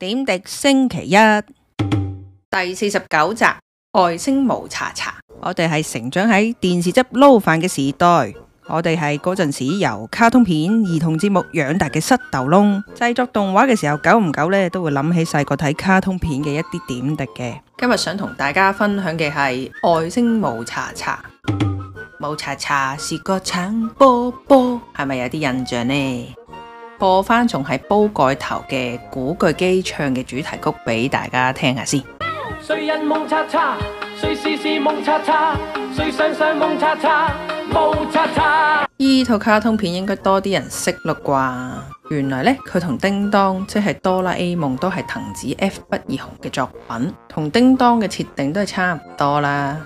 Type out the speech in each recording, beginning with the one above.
點滴星期一第四十九集外星無查查。我哋係成長喺電視汁撈飯嘅時代，我哋係嗰陣時由卡通片、兒童節目養大嘅濕豆窿。製作動畫嘅時候，久唔久呢，都會諗起細個睇卡通片嘅一啲點滴嘅。今日想同大家分享嘅係外星無查查。無查查是個橙波波，係咪有啲印象呢？播翻仲係煲蓋頭嘅古巨基唱嘅主題曲俾大家聽下先。人事事。呢套卡通片應該多啲人識啦啩？原來呢，佢同叮當即係哆啦 A 夢都係藤子 F 不二雄嘅作品，同叮當嘅設定都係差唔多啦。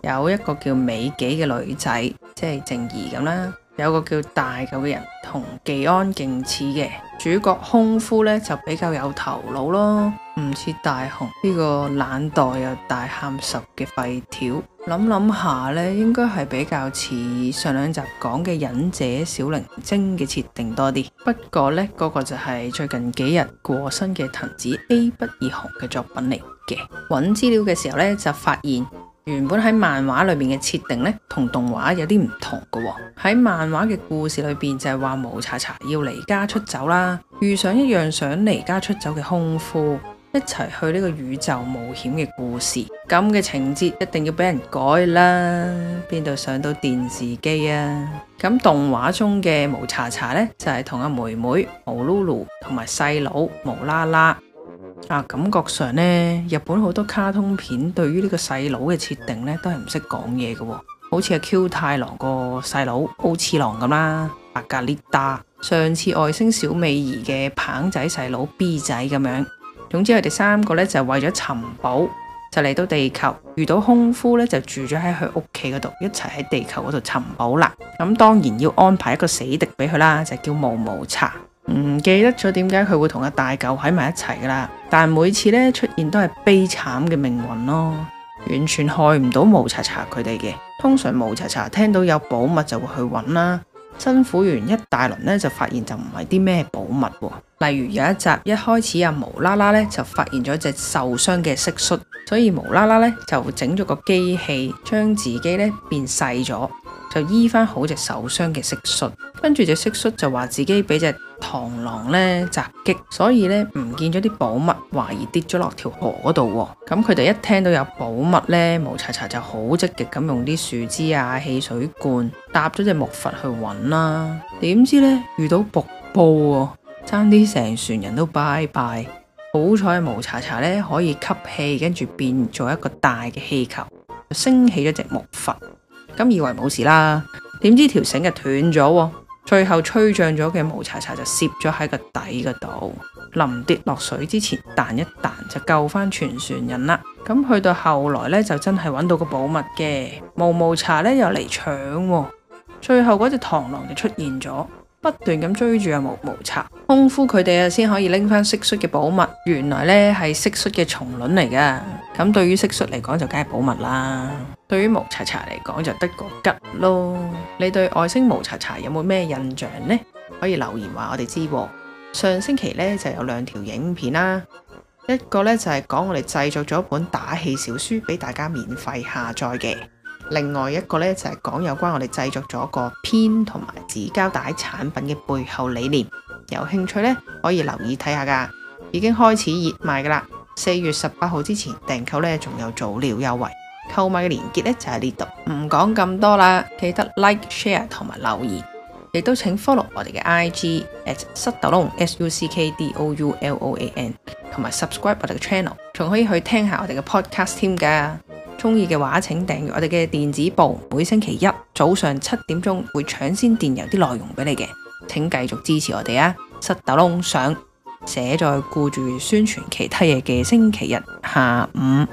有一個叫美紀嘅女仔，即係靜怡咁啦。有一個叫大狗嘅人同技安勁似嘅，主角空夫呢，就比較有頭腦囉，唔似大雄呢個懶惰又大喊十嘅廢條。諗諗下呢，應該係比較似上兩集講嘅忍者小靈精嘅設定多啲。不過呢，嗰個就係最近幾日過身嘅藤子 A 不二雄嘅作品嚟嘅。搵資料嘅時候呢，就發現。原本喺漫畫裏面嘅設定咧，同動畫有啲唔同噶喎。喺漫畫嘅故事裏面就係話無查查要離家出走啦，遇上一樣想離家出走嘅空父，一齊去呢個宇宙冒險嘅故事。咁嘅情節一定要畀人改啦。邊度上到電視機啊？咁動畫中嘅無查查咧，就係同阿妹妹無嚕嚕同埋細佬無啦啦。啊，感覺上呢，日本好多卡通片對於呢個細佬嘅設定呢都係唔識講嘢嘅喎，好似阿 Q 太郎個細佬奧次郎咁啦，白格列達，上次外星小美兒嘅棒仔細佬 B 仔咁樣，總之佢哋三個呢就係為咗尋寶，就嚟到地球，遇到空夫呢就住咗喺佢屋企嗰度，一齊喺地球嗰度尋寶啦。咁當然要安排一個死敵俾佢啦，就叫毛毛茶。唔記得咗點解佢會同阿大狗喺埋一齊噶啦，但係每次咧出現都係悲慘嘅命運咯，完全害唔到毛查查佢哋嘅。通常毛查查聽到有寶物就會去揾啦辛苦完一大輪咧就發現就唔係啲咩寶物。例如有一集一開始又無啦啦咧就發現咗隻受傷嘅蟋蟀，所以無啦啦咧就整咗個機器將自己咧變細咗，就醫翻好隻受傷嘅蟋蟀。跟住隻蟋蟀就話自己俾隻螳螂呢，襲擊，所以呢，唔見咗啲寶物，懷疑跌咗落條河度喎。咁佢哋一聽到有寶物呢，毛查查就好積極咁用啲樹枝啊、汽水罐搭咗隻木筏去揾啦。點知呢，遇到瀑布喎，啊，差啲成船人都拜拜。好彩毛查查呢可以吸氣，跟住變做一個大嘅氣球，升起咗隻木筏。咁以為冇事啦，點知條繩就斷咗。最後吹脹咗嘅毛茶茶就攝咗喺個底嗰度，臨跌落水之前彈一彈就救返全船人啦。咁去到後來呢，就真係揾到個寶物嘅毛毛茶呢，又嚟搶，最後嗰隻螳螂就出現咗，不斷咁追住阿毛毛茶，功夫佢哋啊先可以拎返蟋蟀嘅寶物。原來呢係蟋蟀嘅蟲卵嚟噶，咁對於蟋蟀嚟講就梗係寶物啦。對於毛查查嚟講就得個吉咯。你對外星毛查查有冇咩印象呢？可以留言話我哋知。上星期呢，就有兩條影片啦，一個呢，就係講我哋製作咗一本打氣小書俾大家免費下載嘅，另外一個呢，就係講有關我哋製作咗個編同埋紙膠帶產品嘅背後理念。有興趣呢，可以留意睇下噶，已經開始熱賣噶啦。四月十八號之前訂購呢，仲有早鳥優惠。購買嘅鏈接咧就喺呢度，唔講咁多啦，記得 like、share 同埋留言，亦都請 follow 我哋嘅 IG at suckdouloan，同埋 subscribe 我哋嘅 channel，仲可以去聽下我哋嘅 podcast 添㗎，中意嘅話請訂閱我哋嘅電子報，每星期一早上七點鐘會搶先電郵啲內容俾你嘅，請繼續支持我哋啊！塞豆窿上寫在顧住宣傳其他嘢嘅星期日下午。